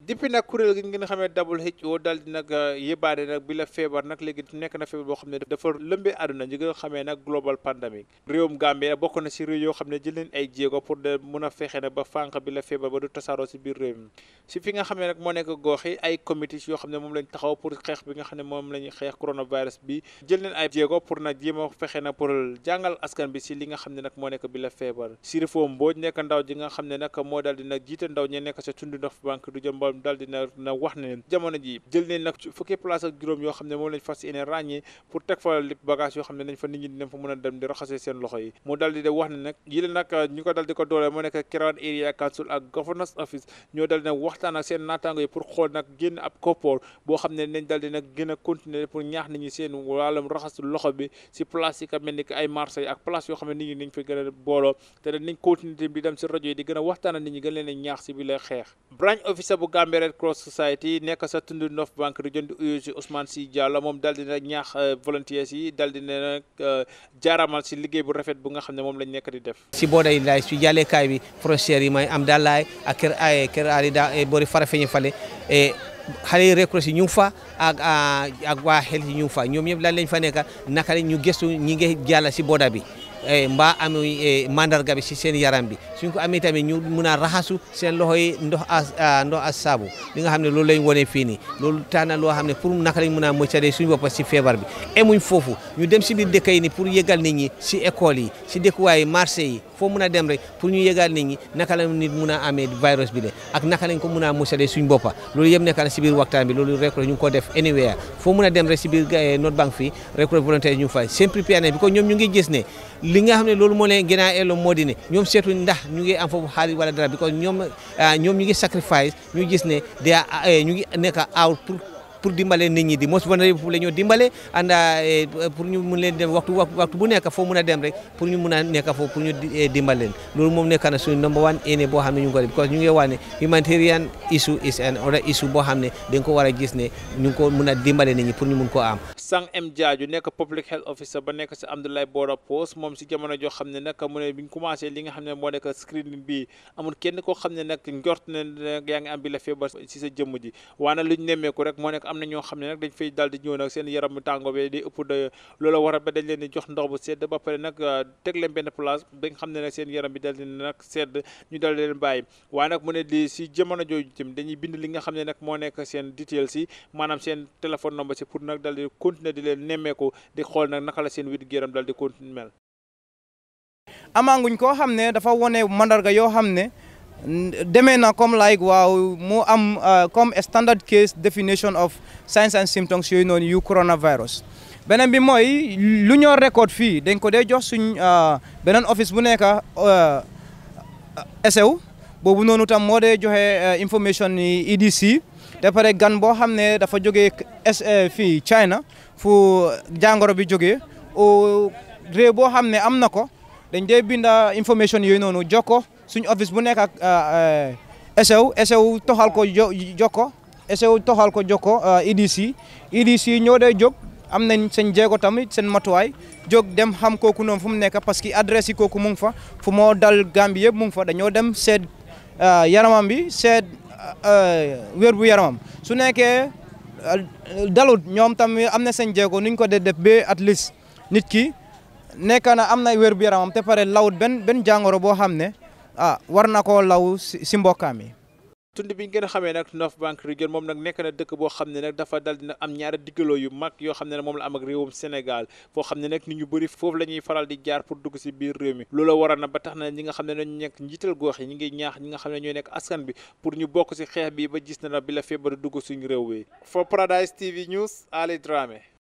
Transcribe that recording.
depuis nag kuréel gi ngeen xamee WHO daal di nag eh, yëbaane nag bi la feebar nag léegi nekk na feebar boo xam ne dafa lëmbee àdduna ñi nga xamee nag global pandemic réewum Gambie bokk na si réew yoo xam ne jël leen ay jéego pour a fexe ne ba fànq bi la feebar ba du tasaaroo si biir réew mi si fi nga xam ne moo nekk goox yi ay comités yoo xam ne moom lañ taxaw pour xeex bi nga xam ne moom lañu xeex coronavirus bi jël leen ay jéego pour nag jéem a fexe na pour jàngal askan bi si li nga xam ne nag moo nekk bi la feebar Sirifo Mbodj nekk ndaw ji nga xam ne nag moo daal di nag ndaw ñi nekk sa tund ndox du jëmbal xool daal di na na wax ne jamono ji jël nañ nag fukki place ak juróom yoo xam ne moom lañ fa lépp bagage ne nañ fa mën a dem di raxasee seen loxo yi mu daal di da wax ne nekk yi ne nag gën gën a booloo te dañ nañ continuer di dem si rajo yi di gën a waxtaan nit ñi gën leen ñaax si bi la xeex Cambérène Cross Society nekk sa tund North Bank Region di uyu si Ousmane Sy Diallo moom daal di nag ñaax euh, volontaires yi daal di ne si liggéey bu rafet bu nga xam ne moom lañ nekk di def si booday laay si jàllekaay bi frontière yi may am daal laay ak kër ay kër ali da eh, boori Farafeñi fale eh, xale yi recrues yi ñu ngi fa ak ak waa xel yi ñu fa ñoom ñëpp lan lañ fa nekk naka la ñu gëstu ñi ngi jàll si booda bi Eh, mbaa ami eh, mandarga bi si seen yaram bi suñ ko amee tamit ñu mun a raxasu seen loxo yi ndox a ah, ndox a saabu li nga xam ne loolu lañ wone fii nii loolu tax na loo xam ne pour naka lañ mun a moytandee suñ bopp si feebar bi emuñ foofu ñu dem si biir dëkk yi ni pour yëgal nit ñi si école yi si dëkkuwaay yi marché yi foo mun a dem rek pour ñu yëgal nit ñi naka la nit mun a amee virus bi de ak naka lañ ko mun a moytandee suñ boppa loolu yëpp nekk na si biir waxtaan bi loolu rek ñu ngi ko def anywhere foo mun a dem rek si eh, Bank fii rek volontaire ñu fay seen prépare bi ko ñoom ñu ngi gis ne li nga xam ne loolu moo leen gën a elloo moo di ne ñoom seetu ndax ñu ngi am foofu xaalis wala dara because ñoom ah, ñoom ñu ngi sacrifice ñu gis ne da eh, ñu ngi nekk out pour pour dimbale nit ñi di most vulnérable foofu la eh, dem waxtu bu nekk foo mun a dem rek pour ñu mun a nekk foofu pour ñu eh, dimbal leen nekk na suñu number one ene boo xam ne ñu ngi ko boo xam ne a gis ne ñu ngi dimbale nit ñi pour ñu mun koo am sang m Jaaju nekk public health officer ba nekk si Amdulay Post moom si jamono joo xam ne nag mu ne bi ñu commencé li nga xam ne moo nekk screening bi amul kenn koo xam ne nag yaa ngi am bi feebar si sa jëmm ji waana luñ nemmeeku rek moo nekk am na ñoo xam ne nag dañ fay daal di ñëw nag seen yaram mu tàngoo bi di ëpp de loola waral ba dañ leen di jox ndox bu sedd ba pare nag euh, teg leen benn place ba nga xam ne nag seen yaram bi daal di nag sedd ñu daal di leen bàyyi waaye nag mu ne di si jamono jooju tamit dañuy bind li nga xam ne nag moo nekk seen details si maanaam seen téléphone number si pour nag daal di continuer di leen nemmeeku di xool nag naka la seen wit géram daal di continuer mel amaanguñ koo xam ne mandarga yoo xam ne demee na comme like waaw mu am euh, comme standard case definition of signs and symptoms yooyu noonu yu coronavirus beneen bi mooy lu ñoo record fii dañ ko dee jox suñ euh, beneen office bu nekk euh, SAO e boobu noonu tam moo dee joxe information yi EDC te pare gan boo xam ne dafa joge fii China fu jàngoro bi jógee réew boo xam ne am na ko dañ dee binda information yooyu noonu jox ko suñu office bu nekk ak euh, euh, SAO SAO toxal ko jo jokko SAO toxal ko jokko EDC euh, EDC ñoo day jóg am nañ seen jéego tamit seen matuwaay jóg dem xam kooku noonu fu mu nekk parce que adresse yi kooku mu ngi fa fu moo dal Gambie yëpp mu ngi fa dañoo dem seet yaramam bi seet wér bu yaramam su nekkee dalut ñoom tamit am na seen jéego nuñ ko dee def ba at least nit ki nekk na am na wér bu yaramam te pare lawut ben benn jàngoro boo xam ne. ah war na koo law si mbokkaam yi tund bi ñu gën a xamee nag North Bank Region moom nag nekk na dëkk boo xam ne nag dafa dal dina am ñaari diggaloo yu mag yoo xam ne ne moom la am ak réewum Sénégal foo ne nag nit ñu bëri foofu la ñuy faral di jaar pour dugg si biir réew mi loolu waral na ba tax na ñi nga xam ne dañu nekk njiital gox yi ñi ngi ñaax ñi nga xam ne ñooy nekk askan bi pour ñu bokk si xeex bi ba gis na na bi la feebar dugg suñu réew bi for Paradise TV News Ali Dramé